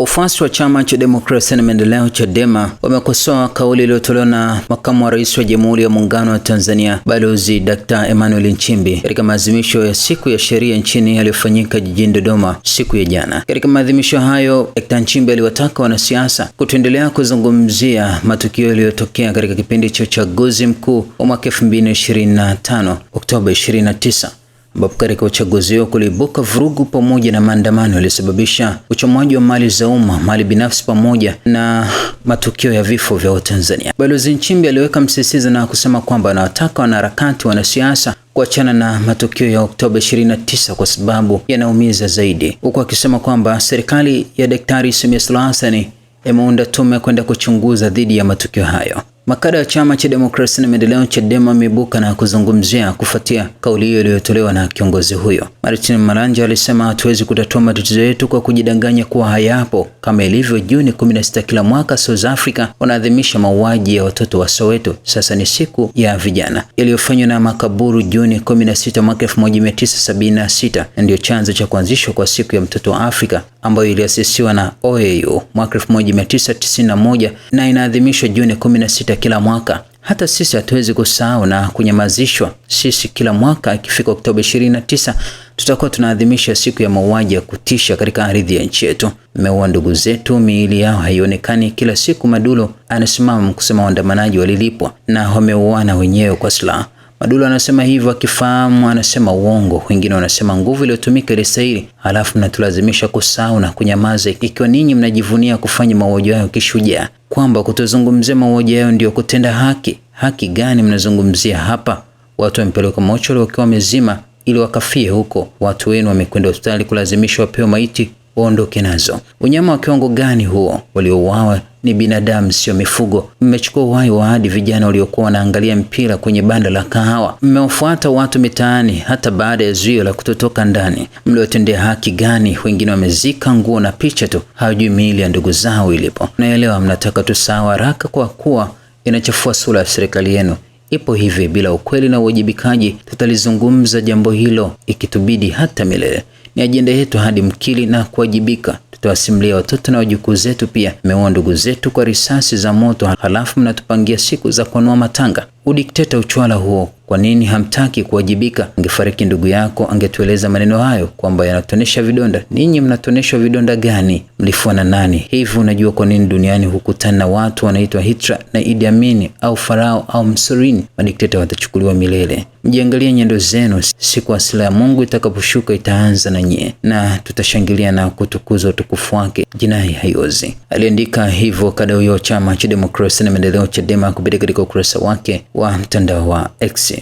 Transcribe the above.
Wafuasi wa chama cha demokrasia na maendeleo Chadema wamekosoa kauli iliyotolewa na makamu wa rais wa Jamhuri ya Muungano wa Tanzania Balozi Dr. Emmanuel Nchimbi katika maadhimisho ya siku ya sheria nchini yaliyofanyika jijini Dodoma siku ya jana. Katika maadhimisho hayo, Dr. Nchimbi aliwataka wanasiasa kutoendelea kuzungumzia matukio yaliyotokea katika kipindi cha uchaguzi mkuu wa mwaka 2025 Oktoba 29 ambapo katika uchaguzi huo kuliibuka vurugu pamoja na maandamano yaliyosababisha uchomwaji wa mali za umma, mali binafsi pamoja na matukio ya vifo vya Watanzania. Balozi Nchimbi aliweka msisitizo na kusema kwamba anawataka wanaharakati, wanasiasa kuachana na matukio ya Oktoba 29 kwa sababu yanaumiza zaidi, huku akisema kwamba serikali ya Daktari Samia Suluhu Hassan imeunda tume kwenda kuchunguza dhidi ya matukio hayo. Makada ya chama cha demokrasia na maendeleo Chadema ameibuka na kuzungumzia kufuatia kauli hiyo iliyotolewa na kiongozi huyo. Martin Maranja alisema hatuwezi kutatua matatizo yetu kwa kujidanganya kuwa hayapo. Kama ilivyo Juni 16 kila mwaka, South Africa wanaadhimisha mauaji ya watoto wa Soweto. Sasa ni siku ya vijana iliyofanywa na makaburu Juni 16 mwaka 1976, ndiyo chanzo cha kuanzishwa kwa siku ya mtoto wa Afrika ambayo iliasisiwa na OAU mwaka 1991 na inaadhimishwa Juni 16 sita kila mwaka. Hata sisi hatuwezi kusahau na kunyamazishwa. Sisi kila mwaka ikifika Oktoba 29 tutakuwa tunaadhimisha siku ya mauaji ya kutisha katika ardhi ya nchi yetu. Mmeua ndugu zetu, miili yao haionekani. Kila siku madulo anasimama kusema waandamanaji walilipwa na wameuana wenyewe kwa silaha. Madula anasema hivyo akifahamu anasema uongo, wengine wanasema nguvu iliyotumika ile sairi, halafu mnatulazimisha kusahau na kunyamaza, ikiwa ninyi mnajivunia kufanya mauaji hayo kishujaa, kwamba kutozungumzia mauaji hayo ndio kutenda haki. Haki gani mnazungumzia hapa? Watu wamepelekwa mochari wakiwa wamezima ili wakafie huko. Watu wenu wamekwenda hospitali kulazimishwa wapewe maiti waondoke nazo. Unyama wa kiwango gani huo? Waliouawa ni binadamu, sio mifugo. Mmechukua uhai wa hadi vijana waliokuwa wanaangalia mpira kwenye banda la kahawa. Mmewafuata watu mitaani hata baada ya zuio la kutotoka ndani. Mliwatendea haki gani? Wengine wamezika nguo na picha tu, hawajui miili ya ndugu zao ilipo. Naelewa mnataka tusahau haraka kwa kuwa inachafua sura ya serikali yenu. Ipo hivi bila ukweli na uwajibikaji, tutalizungumza jambo hilo ikitubidi hata milele. Ni ajenda yetu hadi mkili na kuwajibika. Tutawasimulia watoto na wajukuu zetu, pia meua ndugu zetu kwa risasi za moto, halafu mnatupangia siku za kuanua matanga. Udikteta uchwala huo, kwa nini hamtaki kuwajibika? Angefariki ndugu yako angetueleza maneno hayo kwamba yanatonesha vidonda. Ninyi mnatoneshwa vidonda gani? Mlifua na nani? Hivi unajua kwa nini duniani hukutana na watu wanaitwa hitra na Idi Amin au Farao au Msorini? Madikteta watachukuliwa milele. Mjiangalie nyendo zenu, siku asila ya Mungu itakaposhuka itaanza na nyie, na tutashangilia na kutukuza utukufu wake, jinai haiozi. Aliandika hivyo kada wa Chama cha Demokrasia na Maendeleo, Chadema, kupitia katika ukurasa wake wa mtandao wa X.